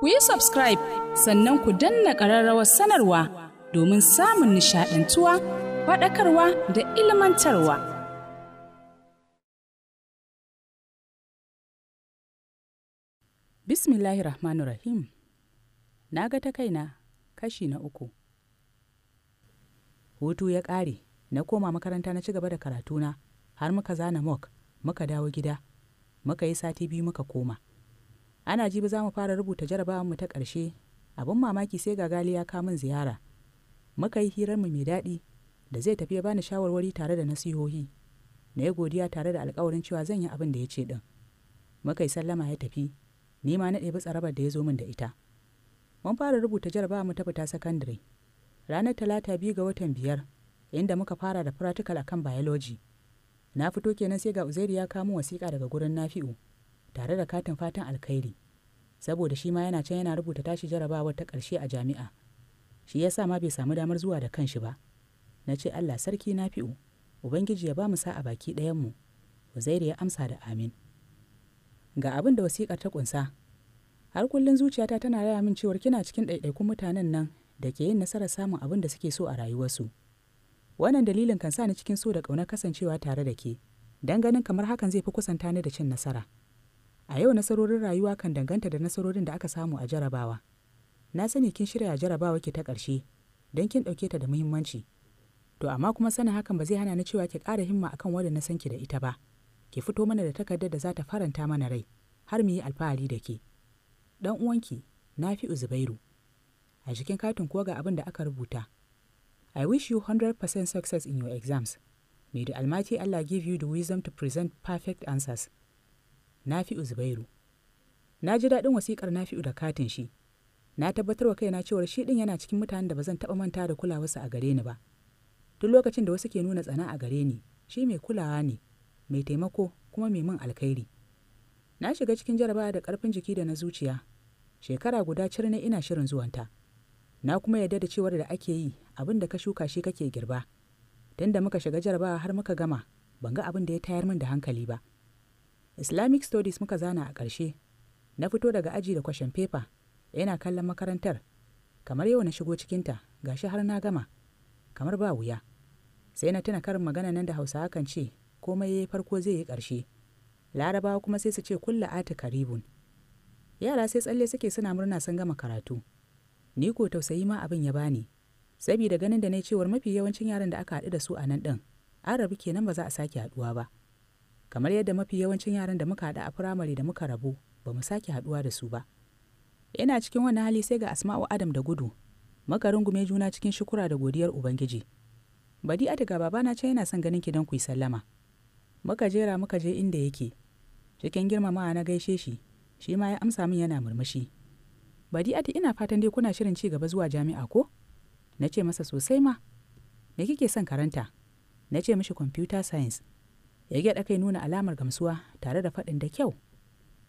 ku yi subscribe sannan ku danna ƙararrawar sanarwa domin samun nishaɗantuwa faɗakarwa da ilmantarwa. Bismillahir Rahmanir Rahim Na ga ta kaina kashi na uku. Hutu ya ƙare, na koma makaranta na ci gaba da karatuna har muka zana mok, muka dawo gida, muka yi sati biyu muka koma. ana jibi za mu fara rubuta jarabawar mu ta ƙarshe abin mamaki sai ga gali ya kamun ziyara muka yi hirar mu mai daɗi da zai tafi ya bani shawarwari tare da nasihohi na ya godiya tare da alƙawarin cewa zan yi abin da ya ce ɗin muka yi sallama ya tafi ni ma na ɗebi tsarabar da ya zo min da ita mun fara rubuta jarabawar mu ta fita sakandare ranar talata biyu ga watan biyar inda muka fara da practical akan biology na fito kenan sai ga uzairu ya kamo wasiƙa daga gurin nafi'u tare da katin fatan alkhairi saboda shi ma yana can yana rubuta tashi jarabawar ta ƙarshe a jami'a shi ya sa ma bai samu damar zuwa da kanshi ba na ce allah sarki na fi'u ubangiji ya ba mu sa a baki ɗayanmu uzairu ya amsa da amin ga abin da wasiƙar ta ƙunsa har kullum zuciyata tana raya min cewar kina cikin ɗaiɗaikun mutanen nan da ke yin nasarar samun abin da suke so a rayuwarsu wannan dalilin kan sa ni cikin so da ƙaunar kasancewa tare da ke don ganin kamar hakan zai fi kusanta ni da cin nasara. A yau nasarorin rayuwa kan danganta da nasarorin da aka samu a jarabawa. Na sani kin shirya jarabawa ki ta ƙarshe don kin ɗauke ta da muhimmanci. To amma kuma sanin hakan ba zai hana ni cewa ki ƙara himma akan wadda na san ki da ita ba. Ki fito mana da takardar da za ta faranta mana rai har mu yi alfahari da ke. Dan uwanki, Nafi'u uzubairu. A cikin katin kuwa ga abin da aka rubuta. I wish you 100% success in your exams. May the Almighty Allah give you the wisdom to present perfect answers. Nafi'u Zubairu. Na ji daɗin wasiƙar Nafi'u da katin shi. Na tabbatar wa kaina cewar shi ɗin yana cikin mutanen da ba zan taɓa manta da kulawarsa a gare ni ba. Duk lokacin da wasu ke nuna tsana a gare ni, shi mai kulawa ne, mai taimako kuma mai min alkhairi. Na shiga cikin jarabawa da ƙarfin jiki da na zuciya. Shekara guda cir na ina shirin zuwanta. Na kuma yarda da cewar da ake yi abin da ka shuka shi kake girba. Tun da muka shiga jarabawa har muka gama, ban ga abin da ya tayar min da hankali ba. islamic studies muka zana a ƙarshe na fito daga aji da kwashen fefa yana kallon makarantar kamar yau na shigo cikinta shi har na gama kamar ba wuya sai na tuna karin magana nan da hausawa kan ce komai ya farko zai yi ƙarshe larabawa kuma sai su ce kulla ati karibun yara sai tsalle suke suna murna sun gama karatu ni ko tausayi ma abin ya bani sabida ganin da na cewar mafi yawancin yaran da aka haɗu da su a nan ɗin an rabu kenan ba za a sake haɗuwa ba kamar yadda mafi yawancin yaran da muka haɗu a firamare da muka rabu ba mu sake haɗuwa da su ba ina cikin wani hali sai ga asma'u adam da gudu muka rungume juna cikin shukura da godiyar ubangiji badi a daga babana ce yana son ganin ki don ku yi sallama muka jera muka je inda yake cikin girmamawa na gaishe shi shi ma ya amsa min yana murmushi badi ati ina fatan dai kuna shirin ci gaba zuwa jami'a ko na ce masa sosai ma me kike son karanta na ce mishi computer science ya gyaɗa kai nuna alamar gamsuwa tare da faɗin da kyau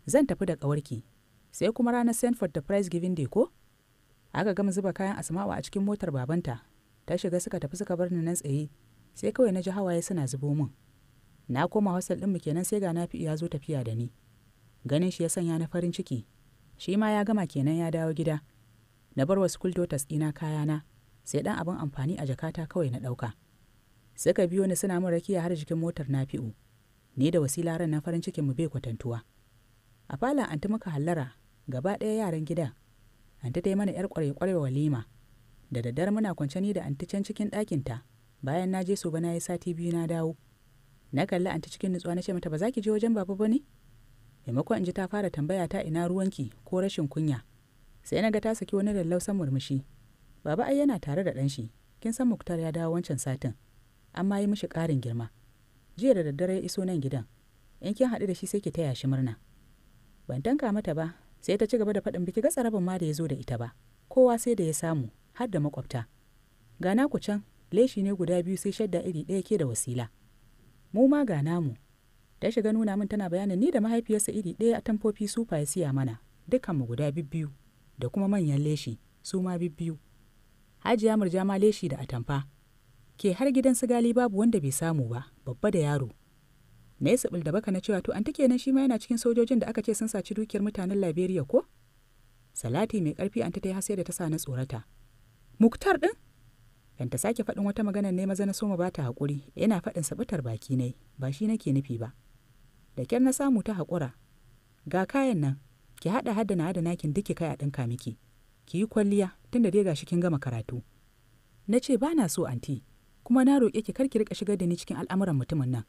zan tafi da ƙawarki sai kuma ranar sanford da price giving day ko aka gama zuba kayan asma'u a cikin motar babanta ta shiga suka tafi suka bar ni nan tsaye sai kawai na ji hawaye suna zubo min na koma hostel ɗinmu kenan sai ga na ya zo tafiya da ni ganin shi ya sanya na farin ciki shi ma ya gama kenan ya dawo gida na bar wasu school daughters kayana sai ɗan abin amfani a jakata kawai na ɗauka. suka biyo ni suna min rakiya har jikin motar nafi'u ni da wasila ran na farin cikin mu bai kwatantuwa a falon anti muka hallara gaba ɗaya yaran gida anti ta yi mana yar kware-kware walima da daddare muna kwance ni da anti can cikin ɗakinta bayan na je su ba na yi sati biyu na dawo na kalli anti cikin nutsuwa na ce mata ba za ki je wajen baba ba ne maimakon in ji ta fara tambaya ta ina ruwanki ko rashin kunya sai na ga ta saki wani lallausan murmushi baba ai yana tare da ɗanshi kin san muktar ya dawo wancan satin amma yi mishi ƙarin girma jiya da daddare ya iso nan gidan in kin haɗu da shi sai ki taya shi murna ban tanka mata ba sai ta ci gaba da faɗin biki ga tsaraban ma da ya zo da ita ba kowa sai da ya samu har da makwabta gana ku can leshi ne guda biyu sai shadda iri ɗaya ke da wasila mu ma ga namu ta shiga nuna min tana bayanin ni da mahaifiyarsa iri ɗaya a tamfofi sufa ya siya mana dukkan mu guda bibbiyu da kuma manyan leshi su ma bibbiyu hajiya murja ma leshi da atamfa ke har gidan su gali babu wanda bai samu ba babba da yaro na yi sabil da baka na cewa to an take nan shi ma yana cikin sojojin da aka ce sun saci dukiyar mutanen liberia ko salati mai karfi an ta yi hasai da ta sa na tsorata muktar din dan ta sake faɗin wata magana ne maza na soma ba ta haƙuri yana faɗin sabitar baki ne ba shi nake nufi ba da kyar na samu ta haƙura ga kayan nan ki haɗa hada na hada nakin duki kai a ɗinka miki ki yi kwalliya tunda dai gashi kin gama karatu na ce ba na so anti kuma na roƙe ki kar ki rika shigar da ni cikin al'amuran mutumin nan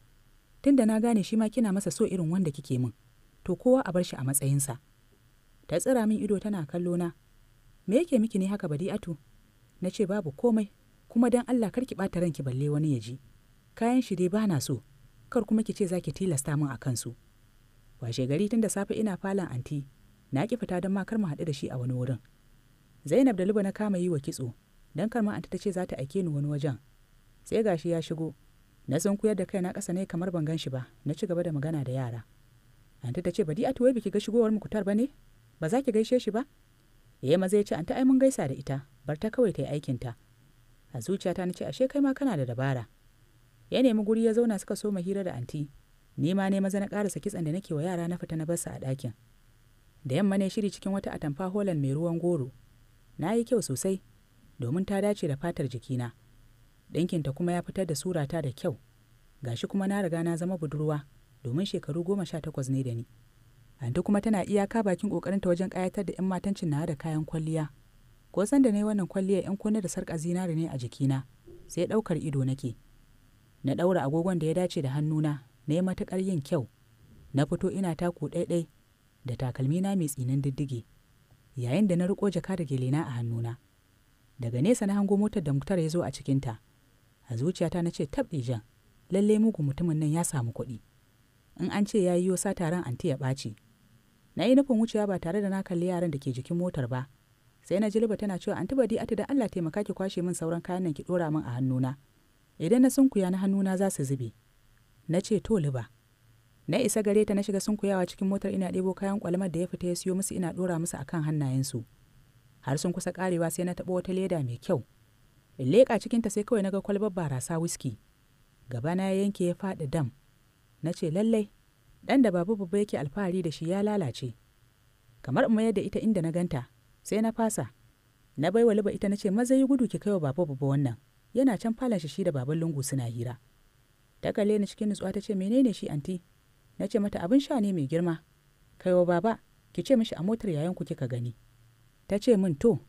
tunda na gane shi ma kina masa so irin wanda kike min to kowa a bar shi a matsayinsa ta tsira min ido tana kallo na me yake miki ne haka badi'atu na ce babu komai kuma dan Allah kar ki ran ranki balle wani ya ji kayan shi dai bana so kar kuma ki ce za ki tilasta min a kansu washe gari tunda da safe ina falon anti na ki fita don ma mu haɗu da shi a wani wurin zainab da luba na kama yi wa kitso don kar ma anti ta ce za ta aike ni wani wajen sai gashi ya shigo na koyar da kai na ƙasa ne kamar ban gan shi ba na ci gaba da magana da yara anta ta ce ba di atuwai biki ga shigowar mukutar ba ne ba za ki gaishe shi ba ya eh, maza ya ce anta ai mun gaisa da ita bar ta kawai ta yi ta a zuciyata na ce ashe kai ma kana da dabara ya nemi guri ya zauna suka so hira da anti ni ma ne maza na ƙarasa kitsan da nake wa yara na fita na barsa a dakin. da yamma ne shiri cikin wata atamfa holan mai ruwan goro na yi kyau sosai domin ta dace da fatar jikina ɗinkinta kuma ya fitar da surata da kyau gashi kuma na riga na zama budurwa domin shekaru goma sha takwas ne da ni anti kuma tana iyaka bakin ƙoƙarinta wajen ƙayatar da 'yan matancin na da kayan kwalliya ko san da na wannan kwalliya 'yan kunne da sarƙa zinari ne a jikina sai ɗaukar ido nake na ɗaura agogon da ya dace da hannuna na yi matuƙar yin kyau na fito ina taku ɗaiɗai da takalmina mai tsinin diddige yayin da na riƙo jaka da gele na a hannuna daga nesa na hango motar da muktar ya zo a cikinta a zuciyata na ce tab jan! Lallai mugu mutumin nan ya samu kuɗi in an ce ya yi yosa taron anti ya ɓaci na yi nufin wucewa ba tare da na kalli yaran da ke jikin motar ba sai na jilba tana cewa anti badi ati da Allah taimaka ki kwashe min sauran kayan nan ki ɗora min a hannuna idan na sunkuya na hannuna za su zube na ce to liba na isa gare ta na shiga sunkuyawa cikin motar ina ɗebo kayan kwalmar da ya fita ya siyo musu ina ɗora musu akan hannayensu har sun kusa karewa sai na taɓa wata leda mai kyau in leƙa cikinta sai kawai na naga kwalbar barasa wiski gabana ya yanke ya faɗi dam na ce lallai ɗan da babu babba yake alfahari da shi ya lalace kamar in mayar da ita inda na ganta sai na fasa na bai wa ita na ce maza yi gudu ki kai wa babu babba wannan yana can falon shi da baban lungu suna hira ta kalle cikin nutsuwa ta ce menene shi anti na ce mata abin sha ne mai girma kaiwa baba ki ce mishi a motar yayan ku kika gani ta ce min to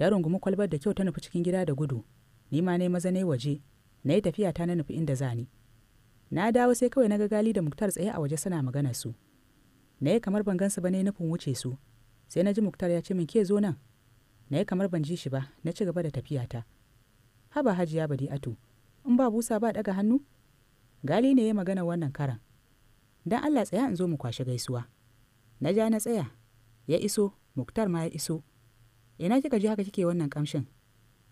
da rungumi kwalbar da kyau ta nufi cikin gida da gudu ni ma ne maza ne waje na yi tafiya ta na nufi inda za ni na dawo sai kawai na ga gali da muktar tsaye a waje suna magana su na yi kamar ban gansu ba na nufin wuce su sai na ji muktar ya ce min ke zo nan na yi kamar ban ji shi ba na ci gaba da tafiya ta. haba hajiya badi ato in ba busa ba daga hannu gali ne ya magana wannan karan dan allah tsaya in zo mu kwashe gaisuwa na ja na tsaya ya iso muktar ma ya iso ina kika ji haka kike wannan kamshin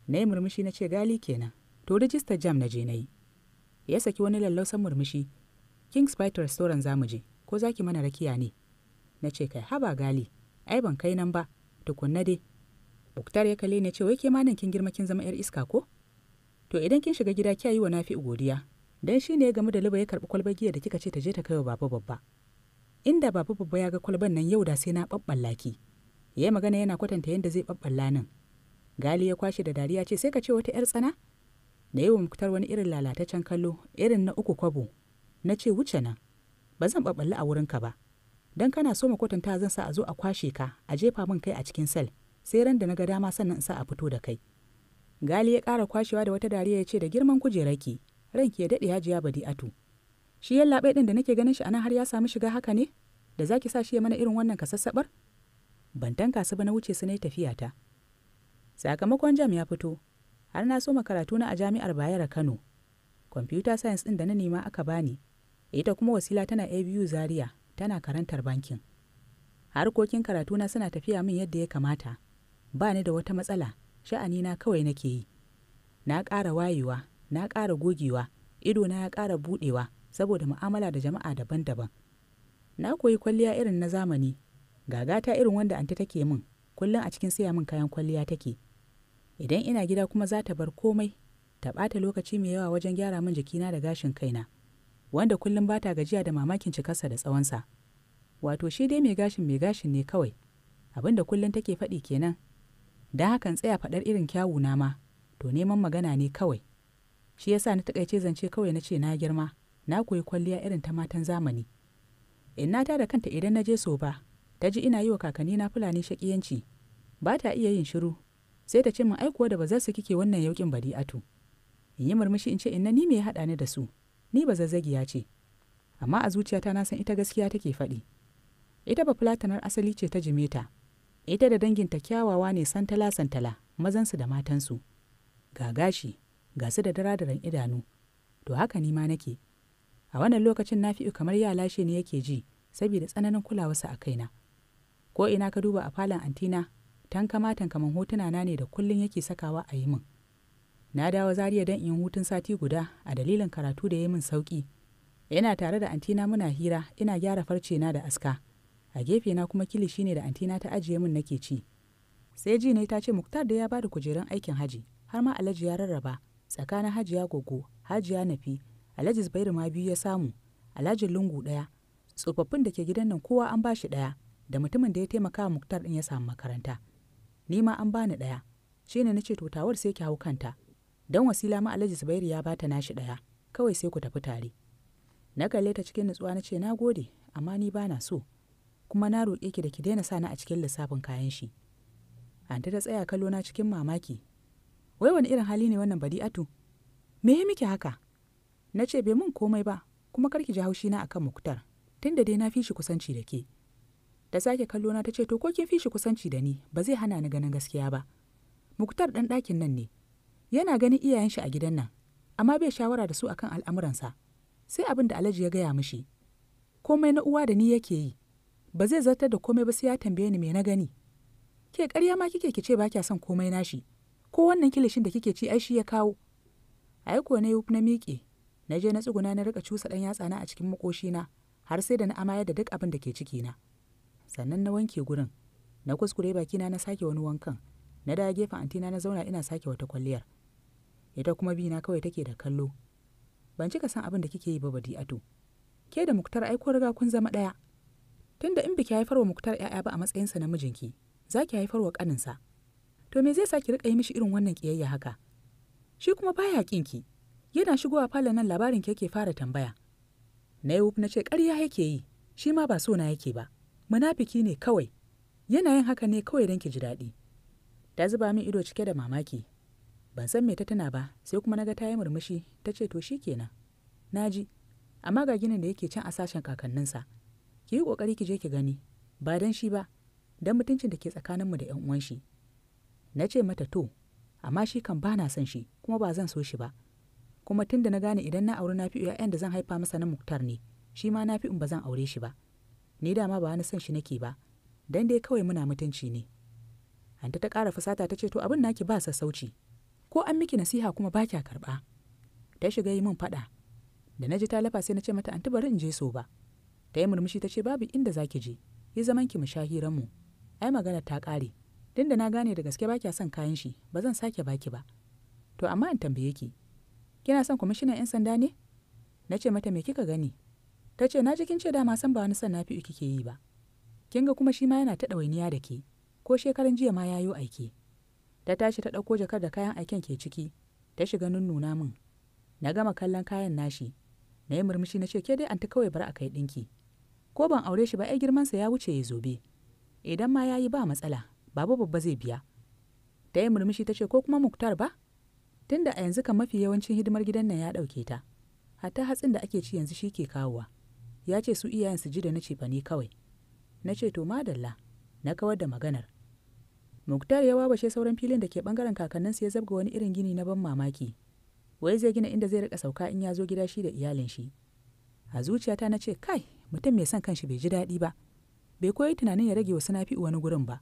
na yi murmushi na ce gali kenan to rijista jam na je na yi ya saki wani lallausan murmushi king spite restaurant za mu je ko zaki mana rakiya ne na ce kai haba gali ai ban kai nan ba tukunna dai buktar ya kalle ne ce wai ke manin kin girma kin zama yar iska ko to idan kin shiga gida kiyayi wa nafi godiya dan shine ya gamu da luba ya karbi kwalbar giya da kika ce ta je ta kai wa baba babba inda baba babba ya ga kwalban nan yau da sai na babballaki ya yi magana yana kwatanta yadda zai ɓaɓɓalla nan gali ya kwashe da dariya ce sai ka ce wata 'yar tsana na yi wa muktar wani irin lalataccen kallo irin na uku kwabo na ce wuce nan ba zan babballi a ka ba don kana so kwatanta zan sa a zo a kwashe ka a jefa min kai a cikin sel sai ran da na ga dama sannan in sa a fito da kai gali ya ƙara kwashewa da wata dariya ya ce da girman ran ranki ya daɗe hajiya badi'atu shi yallaɓai ɗin da nake ganin shi nan har ya samu shiga haka ne da zaki sa shi ya mana irin wannan kasassaɓar ban tanka su ba na wuce su ne tafiyata sakamakon jam ya fito har na soma karatuna a jami'ar bayar kano kwamfuta science ɗin da na nema aka bani ita kuma wasila tana abu zaria tana karantar bankin harkokin karatuna suna tafiya min yadda ya kamata ba ni da wata matsala sha'anina kawai nake yi na ƙara wayewa na ƙara gogewa idona ya ƙara buɗewa saboda mu'amala da jama'a daban-daban na koyi kwalliya irin na zamani gaga ta irin wanda Anta take min kullum a cikin siya min kayan kwalliya take idan ina gida kuma za ta bar komai ta ɓata lokaci mai yawa wajen gyara min jikina da gashin kaina wanda kullum ba ta gajiya da mamakin cikarsa da tsawonsa wato shi dai mai gashin mai gashin ne kawai abin da kullum take faɗi kenan don hakan tsaya faɗar irin kyawu na ma to neman magana ne kawai shi yasa na taƙaice zance kawai na ce na girma na koyi kwalliya irin ta matan zamani innata da kanta idan na je so ba ta ji ina yi wa kakanni na fulani shaƙiyanci ba ta iya yin shiru sai ta ce min aikuwa da ba za su kike wannan yaukin bari'atu in yi murmushi in ce inna ni me ya haɗa ni da su ni ba zazzagiya ce amma a zuciyata na san ita gaskiya take faɗi ita ba fulatanar asali ce ta jimeta ita da danginta kyawawa ne santala santala mazansu da matansu ga gashi ga su da daradaran idanu to haka ni ma nake a wannan lokacin na fi kamar ya lashe ne yake ji saboda tsananin kulawarsa a kaina ko ina ka duba a falon antina tankama tankaman hotuna na ne da kullun yake sakawa a yi min na dawo zariya don in hutun sati guda a dalilin karatu da ya min sauki yana tare da antina muna hira ina gyara farce na da aska a gefe na kuma kilishi ne da antina ta ajiye min nake ci sai ji ne ta ce muktar da ya ba da kujerun aikin haji har ma alhaji ya rarraba tsakanin hajiya gogo hajiya nafi alhaji zubairu ma biyu ya samu alhaji lungu ɗaya tsofaffin da ke gidan nan kowa an ba shi ɗaya da mutumin da ya taimaka wa muktar ɗin ya samu makaranta ni ma an bani ɗaya shi ne na ce to tawar sai ki hau kanta don wasila ma alhaji zubairu ya bata nashi ɗaya kawai sai ku tafi tare na kalle ta cikin nutsuwa na ce na gode amma ni bana so kuma na roƙe ki da ki daina sani a cikin lissafin kayan shi anta ta tsaya kallo na cikin mamaki wai wani irin hali ne wannan badi'atu me ya miki haka na ce bai mun komai ba kuma karki ji haushi na akan muktar tunda dai na fishi kusanci da ke da sake kallo na ta ce to ko kin fishi kusanci da ni ba zai hana ni ganin gaskiya ba muktar ɗan ɗakin nan ne yana ganin iyayen shi a gidan nan amma bai shawara da su akan al'amuransa sai abin da alhaji ya gaya mishi komai na uwa da ni yake yi ba zai zartar da komai ba sai ya tambaye ni me na gani ke ƙarya ma kike ki ce ba kya son komai nashi ko wannan kilishin da kike ci ai shi ya kawo ai ko na na miƙe na je na tsuguna na rika cusa ɗan yatsana a cikin makoshina har sai da na amayar da duk abin da ke cikina. na sannan na wanke gurin na kuskure baki na na sake wani wankan na da gefe antina na zauna ina sake wata kwalliyar ita kuma na kawai take da kallo ban cika san abin da kike yi ba badi ato. ke da muktar ai ko riga kun zama ɗaya tunda in biki haifarwa muktar 'ya'ya ba a matsayinsa na mijinki za ki haifarwa ƙaninsa to me zai sa ki riƙa yi mishi irin wannan ƙiyayya haka shi kuma baya ƙinki yana shigowa falon nan labarin ke yake fara tambaya na yi na ce ƙarya yake yi shi ma ba so na yake ba munafiki ne kawai yana yin haka ne kawai don ki ji daɗi ta zuba min ido cike da mamaki ban san me ta tana ba sai kuma naga ta yi murmushi ta ce to shi shikenan ji amma ga ginin da yake can a sashen kakanninsa ki yi kokari ki je ki gani ba don shi ba don mutuncin da ke tsakaninmu da yan uwan na ce mata to amma shi kan ba na son shi kuma ba zan so shi ba kuma tun da na gane idan na auri na fi 'ya'yan da zan haifa masa na muktar ne shi ma na fi in ba zan aure shi ba ni dama ba wani son shi nake ba dan dai kawai muna mutunci ne anta ta ƙara fusata ta ce to abin naki ba sassauci ko an miki nasiha kuma ba kya karɓa ta shiga yi min faɗa da na ji ta lafa sai na ce mata anti bari in je so ba ta yi murmushi ta ce babu inda za ki je yi zaman ki mu sha hiran mu ai magana ta ƙare da na gane da gaske ba kya son kayan shi ba zan sake baki ba to amma in tambaye ki kina son kwamishinan 'yan sanda ne na ce mata me kika gani ta ce na cikin kin ce dama san ba wani san na kike yi ba kin ga kuma shi ma yana ta ɗawainiya da ke ko shekaran jiya ma yayo aiki. ta tashi ta ɗauko jakar da kayan aiken ke ciki ta shiga nunnuna min na gama kallon kayan nashi na yi murmushi na ce ke dai an ta kawai bar a kai ɗinki ko ban aure shi ba ai sa ya wuce ya zobe idan ma yayi ba matsala babu babba zai biya ta yi murmushi ta ce ko kuma muktar ba tunda a yanzu kan mafi yawancin hidimar gidan nan ya ɗauke ta hatta hatsin da ake ci yanzu shi ke kawowa ya ce su iyayen su ji da na ce ba ni kawai na ce to madalla na kawar da maganar muktar ya wabashe sauran filin da ke bangaren kakanninsu ya zabga wani irin gini na ban mamaki wai zai gina inda zai rika sauka in ya zo gida shi da iyalin shi a zuciyata na ce kai mutum mai son kanshi bai ji daɗi ba bai koyi tunanin ya rage wasu nafi wani gurin ba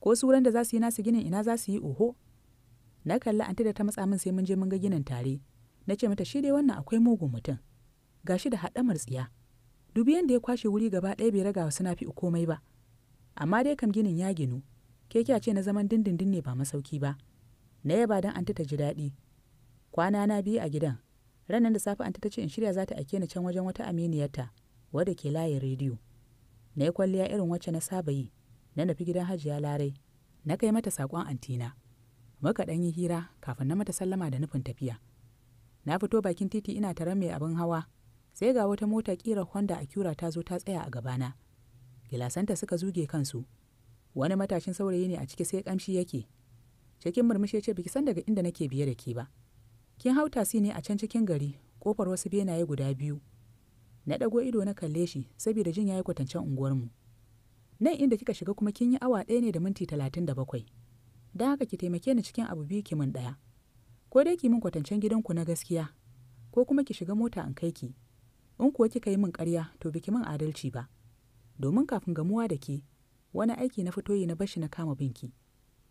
ko su wurin da za su yi nasu ginin ina za su yi oho na kalli anti da ta matsa min sai mun je mun ga ginin tare na ce mata shi dai wannan akwai mugun mutum gashi da haɗamar tsiya dubi yadda ya kwashe wuri gaba ɗaya bai raga wasu nafi komai ba amma dai kam ginin ya ginu ke kya ce na zaman dindindin ne ba masauki ba na yaba don anta ta ji daɗi kwana na biyu a gidan ranar da safe anta ta ce in shirya za ta aike ni can wajen wata aminiyarta wadda ke layin rediyo na yi kwalliya irin wacce na saba yi na nafi gidan hajiya larai na kai mata saƙon antina muka ɗan yi hira kafin na mata sallama da nufin tafiya na fito bakin titi ina taron mai abin hawa sai ga wata mota ƙirar honda acura ta zo ta tsaya a gabana gilasanta suka zuge kansu wani matashin saurayi ne a ciki sai kamshi yake cikin murmushi ce biki san daga inda nake biye da ke ba kin hau tasi ne a can cikin gari kofar wasu benaye guda biyu na ɗago ido na kalle shi saboda jin yayi kwatancen unguwarmu nan inda kika shiga kuma kin yi awa ɗaya ne da minti talatin da bakwai don haka ki taimake ni cikin abu biyu kimin ɗaya ko dai ki min kwatancen gidanku na gaskiya ko kuma ki shiga mota in kai ki in kuwa kika yi min karya to biki min adalci ba domin kafin gamuwa da ke wani aiki na fito yi na bashi na kama binki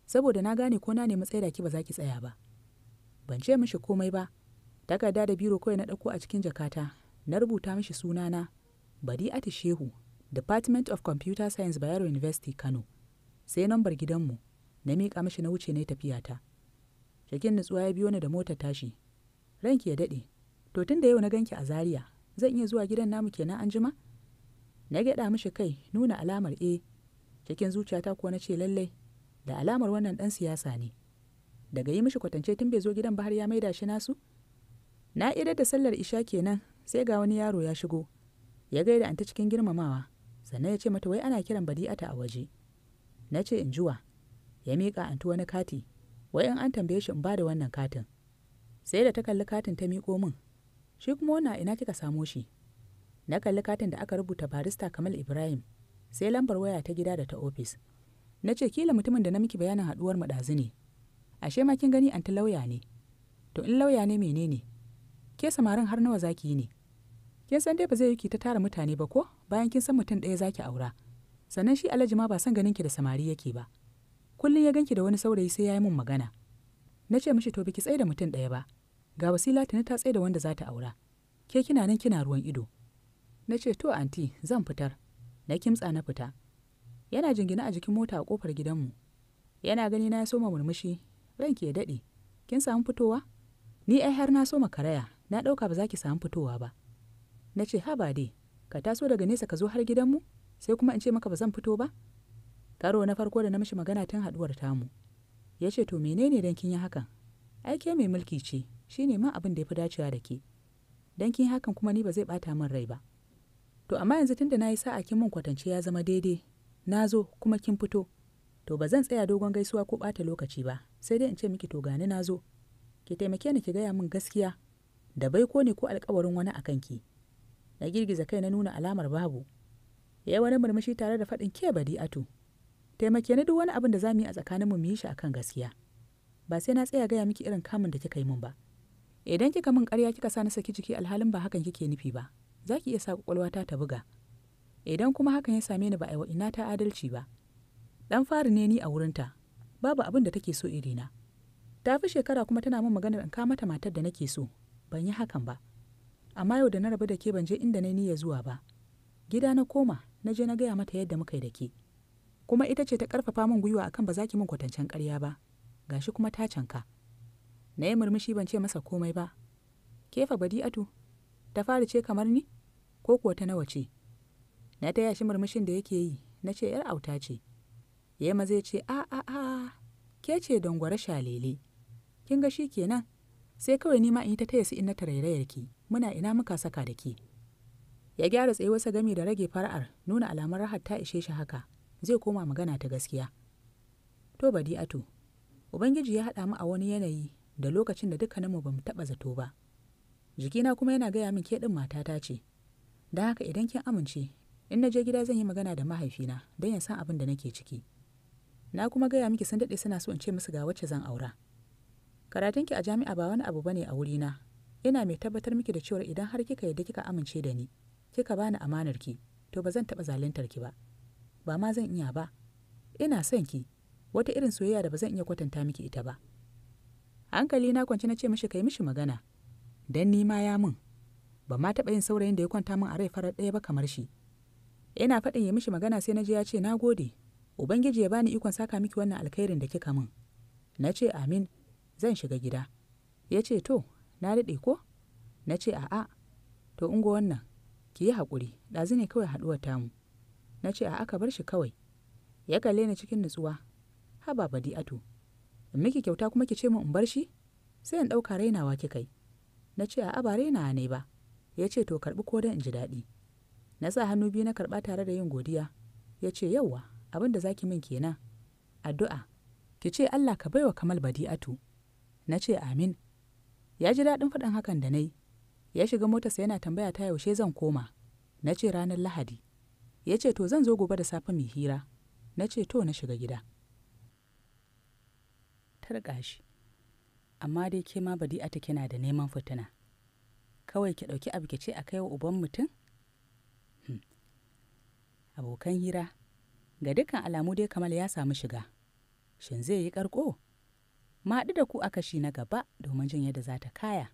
saboda na gane ko na nemi tsaida ki ba za ki tsaya ba ban ce mishi komai ba takarda da biro kawai na ɗauko a cikin jakata na rubuta mishi sunana ati shehu department of computer science bayero university kano sai nambar gidanmu na miƙa mishi na wuce na tafiyata cikin nutsuwa ya biyo ni da motar tashi ranki ya daɗe to tun da yau na ganki a zaria zan iya zuwa gidan namu kenan an jima na gyaɗa mishi kai nuna alamar e cikin zuciyata kuwa na ce lallai da alamar wannan ɗan siyasa ne daga yi mishi kwatance tun bai zo gidan bahar ya maida shi nasu na idar da sallar isha kenan sai ga wani yaro ya shigo ya gaida anta cikin girmamawa sannan ya ce mata wai ana kiran badi'ata a waje na ce in juwa ya miƙa antu wani kati wai in an tambaye shi in ba da wannan katin sai da ta kalli katin ta miƙo min shi kuma wannan ina kika samo shi na kalli katin da aka rubuta barista kamal ibrahim sai lambar waya ta gida da ta ofis na ce kila mutumin da na miki bayanin haduwar maɗazu ne ashe ma kin gani anti lauya ne to in lauya ne menene ke samarin har nawa zaki yi ne kin san dai ba zai yi ta tara mutane ba ko bayan kin san mutum ɗaya zaki aura sannan shi alhaji ma ba san ganin ki da samari yake ba kullum ya ganki da wani saurayi sai ya yi mun magana na ce mishi to biki tsaye da mutum ɗaya ba ga wasila ta ta tsaye da wanda za ta aura ke kina nan kina ruwan ido na ce to anti zan fitar na kimtsa na fita yana jingina a jikin mota a kofar gidanmu yana gani na ya soma murmushi ranki ya daɗe kin samu fitowa ni ai har na soma karaya na ɗauka ba za ki samu fitowa ba na ce ha ba dai ka taso daga nesa ka zo har gidanmu sai kuma in ce maka ba zan fito ba karo na farko da na mishi magana tun haɗuwar tamu ya ce to menene dan kin yi hakan aike mai mulki ce shi ne ma abin da ya fi dacewa da ke don kin hakan kuma ni ba zai bata min rai ba to amma yanzu tun da na yi sa'a kin min kwatance ya zama daidai na zo kuma kin fito to ba zan tsaya dogon gaisuwa ko bata lokaci ba sai dai in ce miki to gani na zo ki taimake ni ki gaya min gaskiya da bai ko ne ko alkawarin wani a kanki na girgiza kai na nuna alamar babu ya yi wani murmushi tare da faɗin ke badi'atu taimake ni duk wani abin da za mu yi a tsakaninmu mu yi shi akan gaskiya ba sai na tsaya gaya miki irin kamun da kika yi min ba idan kika min ƙarya kika sa na saki jiki alhalin ba hakan kike nufi ba za ki iya sa kwakwalwata ta buga idan kuma hakan ya same ni ba a ina ta adalci ba dan fari ne ni a wurinta babu abin da take so irina ta fi shekara kuma tana min magana in ka mata matar da nake so ban yi hakan ba amma yau da na rabu da ke ban je inda na niyya zuwa ba gida na koma na je na gaya mata yadda muka yi da ke kuma ita ce ta ƙarfafa min gwiwa akan ba za ki min kwatancen ƙarya ba gashi kuma ta canka na yi murmushi ban ce masa komai ba kefa badi'atu ta fara ce kamar ni ko kuwa ta nawa ce na taya shi murmushin da yake yi na ce yar auta ce ya maza ce a a a ke ce dangwara shalele kin ga shi kenan sai kawai nima in yi ta taya su in na tarairayar ki muna ina muka saka da ki ya gyara tsaye wasu gami da rage fara'ar nuna alamar rahat ta ishe shi haka zai koma magana ta gaskiya to badi'atu ubangiji ya haɗa mu a wani yanayi da lokacin da dukkaninmu ba mu taɓa zato ba jikina kuma yana gaya min ke ɗin matata ce don haka idan kin amince in na je gida zan yi magana da mahaifina don ya san abin da nake ciki na kuma gaya miki sun daɗe suna so in ce musu ga wacce zan aura karatunki a jami'a ba wani abu bane a wuri na. ina mai tabbatar miki da cewa idan har kika yadda kika amince da ni kika bani amanar ki to ba zan taɓa zaluntar ki ba ba ma zan iya ba ina son ki wata irin soyayya da ba zan iya kwatanta miki ita ba hankali na kwance na ce mishi kai mishi magana dan nima ya min ba ma taɓa yin saurayin da ya kwanta min a rai farar ɗaya ba kamar shi ina faɗin ya mishi magana sai na ji ya ce na gode ubangiji ya bani ikon saka miki wannan alkhairin da kika min na ce amin zan shiga gida ya ce to na daɗe ko na ce a'a to ungo wannan ki yi haƙuri ɗazu ne kawai haɗuwar tamu na ce a'a ka bar shi kawai ya kalle ni cikin nutsuwa haba badi'atu in miki kyauta kuma ki ce min in bar shi sai in ɗauka rainawa ki kai. na ce a'a ba rainawa ne ba ya ce to karɓi ko dan in ji daɗi na sa hannu biyu na karɓa tare da yin godiya ya ce yauwa abin da zaki min kenan addu'a ki ce Allah ka baiwa Kamal Badi'atu na ce amin ya ji daɗin faɗin hakan da na yi ya shiga motarsa yana tambaya ta yaushe zan koma na ce ranar lahadi ya ce to zan zo gobe da safe mai hira na ce to na shiga gida targa shi amma dai ke ma badi'ata kina da neman fitina kawai ki ɗauki abu ki ce a kai wa uban mutum hmm. abokan hira ga dukkan alamu dai kamal ya samu shiga shin zai yi ƙarƙo ma da ku aka shi na gaba domin jin yadda za ta kaya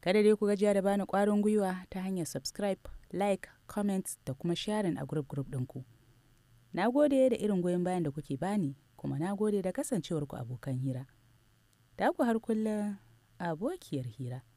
kada dai ku gajiya da bani ƙwarin gwiwa ta hanyar subscribe like comment da kuma sharing a group group ɗinku na gode da irin goyon bayan da kuke bani kuma na gode da kasancewarku abokan hira. Ta ku har kullum abokiyar hira.